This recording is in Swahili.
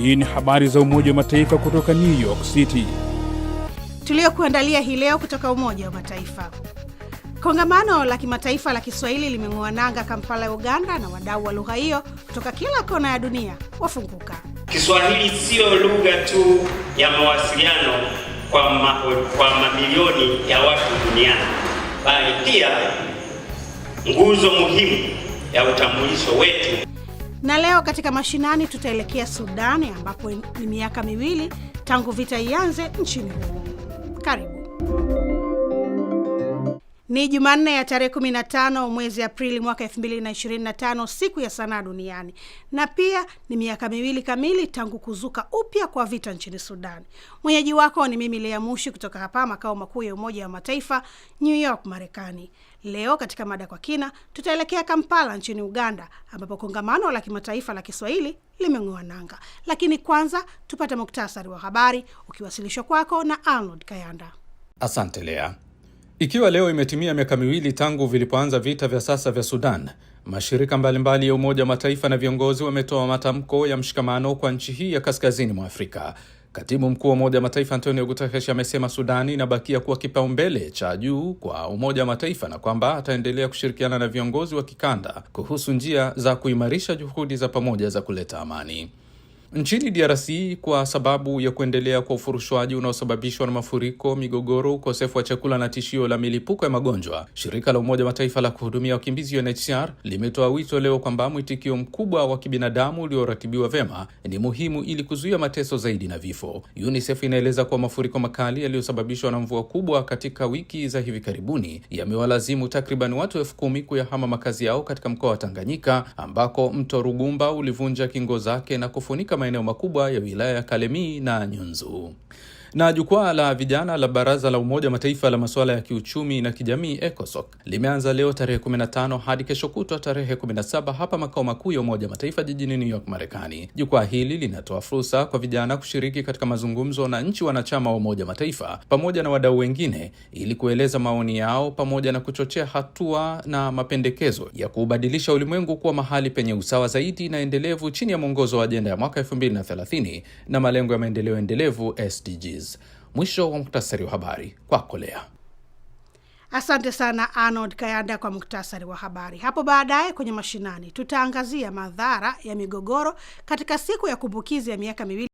Hii ni habari za Umoja wa Mataifa kutoka New York City tuliyokuandalia hii leo kutoka Umoja wa Mataifa. Kongamano la kimataifa la Kiswahili limeng'oa nanga Kampala ya Uganda, na wadau wa lugha hiyo kutoka kila kona ya dunia wafunguka. Kiswahili siyo lugha tu ya mawasiliano kwa, ma, kwa mamilioni ya watu duniani, bali pia nguzo muhimu ya utambulisho wetu. Na leo katika mashinani tutaelekea Sudani ambapo ni miaka miwili tangu vita ianze nchini humo. Karibu. Ni Jumanne ya tarehe 15 mwezi Aprili mwaka 2025, siku ya sanaa duniani, na pia ni miaka miwili kamili tangu kuzuka upya kwa vita nchini Sudan. Mwenyeji wako ni mimi Lea Mushi kutoka hapa makao makuu ya Umoja wa Mataifa, New York, Marekani. Leo katika mada kwa kina, tutaelekea Kampala nchini Uganda, ambapo kongamano la kimataifa la Kiswahili limeng'oa nanga. Lakini kwanza tupate muktasari wa habari ukiwasilishwa kwako na Arnold Kayanda. Asante Lea. Ikiwa leo imetimia miaka miwili tangu vilipoanza vita vya sasa vya Sudan, mashirika mbalimbali ya Umoja wa Mataifa na viongozi wametoa matamko ya mshikamano kwa nchi hii ya kaskazini mwa Afrika. Katibu mkuu wa Umoja wa Mataifa Antonio Guterres amesema Sudani inabakia kuwa kipaumbele cha juu kwa Umoja wa Mataifa na kwamba ataendelea kushirikiana na viongozi wa kikanda kuhusu njia za kuimarisha juhudi za pamoja za kuleta amani. Nchini DRC kwa sababu ya kuendelea kwa ufurushwaji unaosababishwa na mafuriko, migogoro, ukosefu wa chakula na tishio la milipuko ya magonjwa, shirika la Umoja Mataifa la kuhudumia wakimbizi UNHCR limetoa wito leo kwamba mwitikio mkubwa wa kibinadamu ulioratibiwa vyema ni muhimu ili kuzuia mateso zaidi na vifo. UNICEF inaeleza kuwa mafuriko makali yaliyosababishwa na mvua kubwa katika wiki za hivi karibuni yamewalazimu takriban watu elfu kumi kuyahama makazi yao katika mkoa wa Tanganyika ambako mto Rugumba ulivunja kingo zake na kufunika maeneo makubwa ya wilaya ya kalemi na Nyunzu. Na jukwaa la vijana la Baraza la Umoja wa Mataifa la masuala ya kiuchumi na kijamii ECOSOC limeanza leo tarehe 15 hadi kesho kutwa tarehe 17 hapa makao makuu ya Umoja wa Mataifa jijini New York, Marekani. Jukwaa hili linatoa fursa kwa vijana kushiriki katika mazungumzo na nchi wanachama wa Umoja wa Mataifa pamoja na wadau wengine ili kueleza maoni yao pamoja na kuchochea hatua na mapendekezo ya kuubadilisha ulimwengu kuwa mahali penye usawa zaidi na endelevu chini ya mwongozo wa ajenda ya mwaka 230 na malengo ya maendeleo endelevu SDGs. Ruiz. Mwisho wa muktasari wa habari kwako Lea. Asante sana Arnold Kayanda kwa muktasari wa habari. Hapo baadaye kwenye mashinani tutaangazia madhara ya migogoro katika siku ya kumbukizi ya miaka miwili